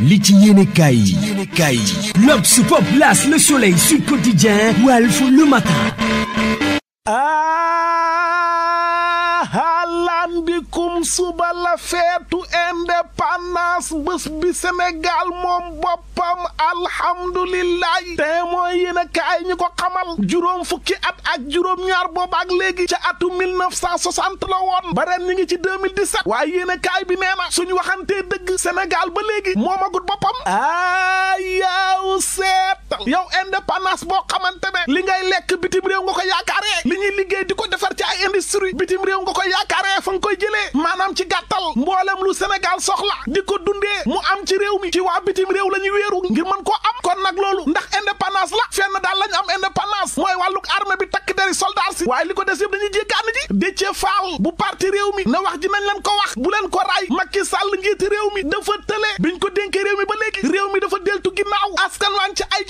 li ci yéene kaay yi yéene kaay yi l'Obs, Pop, L'As, Le Soleil, Sud Quotidien, Walf, Le Matin ah! andikum suba la feetu indépendance bés bi Sénégal moom boppam alhamdulilahi te mooy yéen a kaay ñu ko xamal juróom fukki at ak juróom-ñaar boobaak léegi ca atu 1960 la woon ba ren ñu ngi ci 2017 waaye yéen a kaay bi nee na suñu waxantee dëgg senegal ba léegi moomagut boppam a yaw seetal yow indépendance boo xamante ne li ngay lekk bitim réew nga ko yaakaaree li ñuy liggéey di ko defar ci ay industrie bitim réew nga ko yaakaaree fa koy jëlee maanaam ci gàttal mboolem lu Sénégal soxla di ko dundee mu am ci réew mi ci waa bitim réew la ñuy wéeru ngir mën koo am kon nag loolu ndax indépendance la fenn daal la ñu am indépendance mooy wàlluk armée bi takk deri soldat si waaye li ko des yëpp dañuy jéggaani ji Déthié Fall bu parti réew mi na wax ji nañ leen ko wax bu leen ko raay Macky Sall njiiti réew mi dafa tële biñ ko dénkee réew mi ba léegi réew mi dafa deltu ginnaaw askan waan ci ay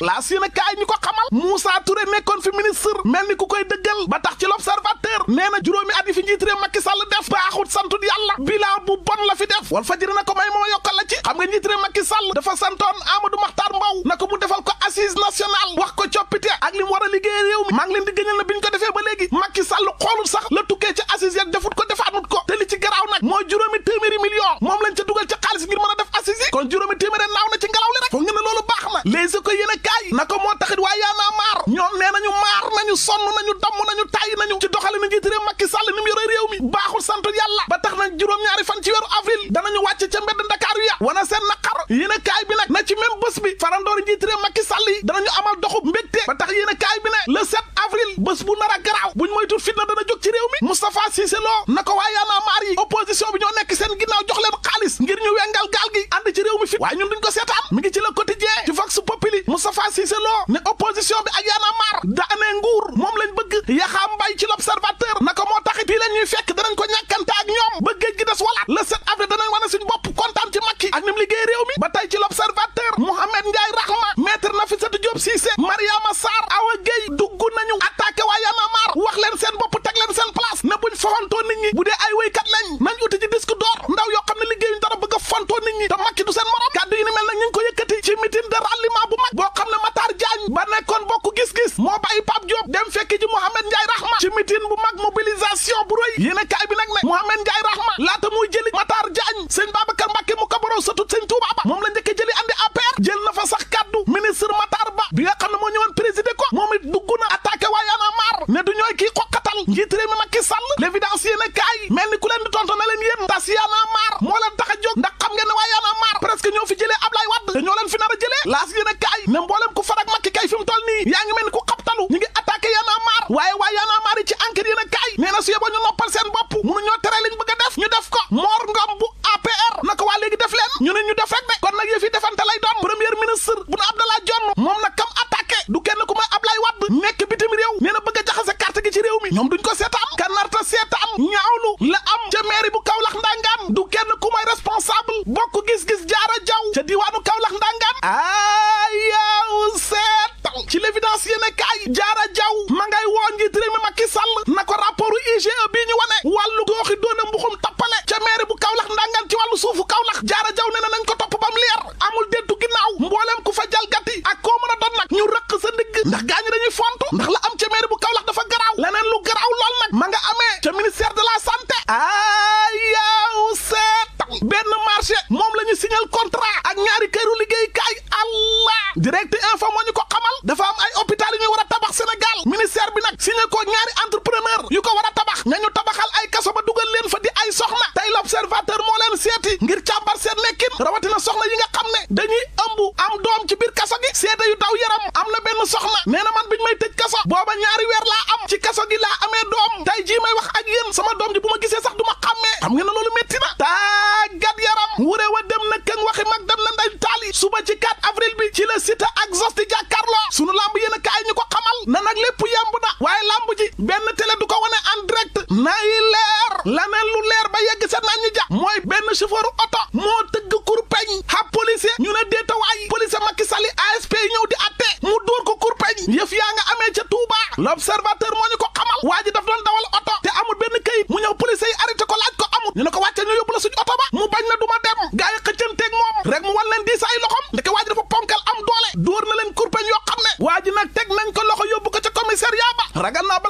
laa si na kaay ñu ko xamal Moussa Touré nekkoon fi ministre mel ni ku koy dëggal ba tax ci l'observateur nee juróomi at fi njiit réew Macky Sall def baaxut santut yàlla bilan bu bon la fi def wal fajiri ko may moo yokkal la ci xam nga njiit réew Macky Sall dafa santoon Amadou Makhtar Mbow na ko mu defal ko assise nationale wax ko coppite ak li mu liggéey réew mi maa ngi leen di ko defee ba léegi Macky Sall xoolul sax la tukkee ci assise ko defaanut ko te sonn nañu damm nañu tàyyi nañu ci doxalinu njiit réew Macky Sall ni yore réew mi baaxul sant yàlla ba tax na juróom-ñaari fan ci weeru avril danañu wàcc ca a ci même bés bi farandoori njiit réew Macky Sall yi danañu amal doxub mbégte ba tax yéen a kaay bi ne le 7 avril bés bu nar a garaaw buñ moytul fitna dana jóg ci réew mi Moustapha Cissé na ko waa yaanaa maar yi opposition bi ñoo nekk seen ginnaaw jox xaalis ngir ñu wengal gaal gi ànd ci réew Yaxam Mbay ci l'Observateur yéen a kaay bi nag ne Mohamed Ndiaye Rahma laata muy jëli Matar Diagne sëñ Babacar Mbacke mu kabaroo satut sëñ Touba ba moom la njëkk jëli andi APR jël na fa sax kaddu ministre Matar Ba bi nga xam ne moo ñëwoon présider ko moom it dugg na attaqué waaye ana maar ne du ñooy kii xoqatal njiit mi Macky Sall l'évidence yéen a kaay mel ni ku leen God, John. ko ñaari entrepreneur yu ko war a tabax ñañu tabaxal ay kaso ba dugal leen fa di ay soxna tey l'observateur moo leen seeti ngir càmbar seen nekkin rawatina soxna yi nga xam ne dañuy ëmb am doom ci biir kaso gi seede yu daw yaram am na benn soxna nee na man biñ may tëj kaso booba ñaari weer laa am ci kaso gi laa amee doom tey jii may wax ak yéen sama doom ji bu ma gisee sax du ma xàmmee xam ngeen ne loolu métti na tàggat yaram wuré wa dem na këng waxi mag dem na nday taali la ñu ne ko wàccee ñu yóbbu la suñu oto ba mu bañ na du ma dem gaa yi xëccanteeg moom rek mu wan leen di ndeke waa ji dafa ponkal am doole dóor na leen kurpeñ yoo xam ne waa teg nañ ko loxo yóbbu ko ca commissariat ba ragal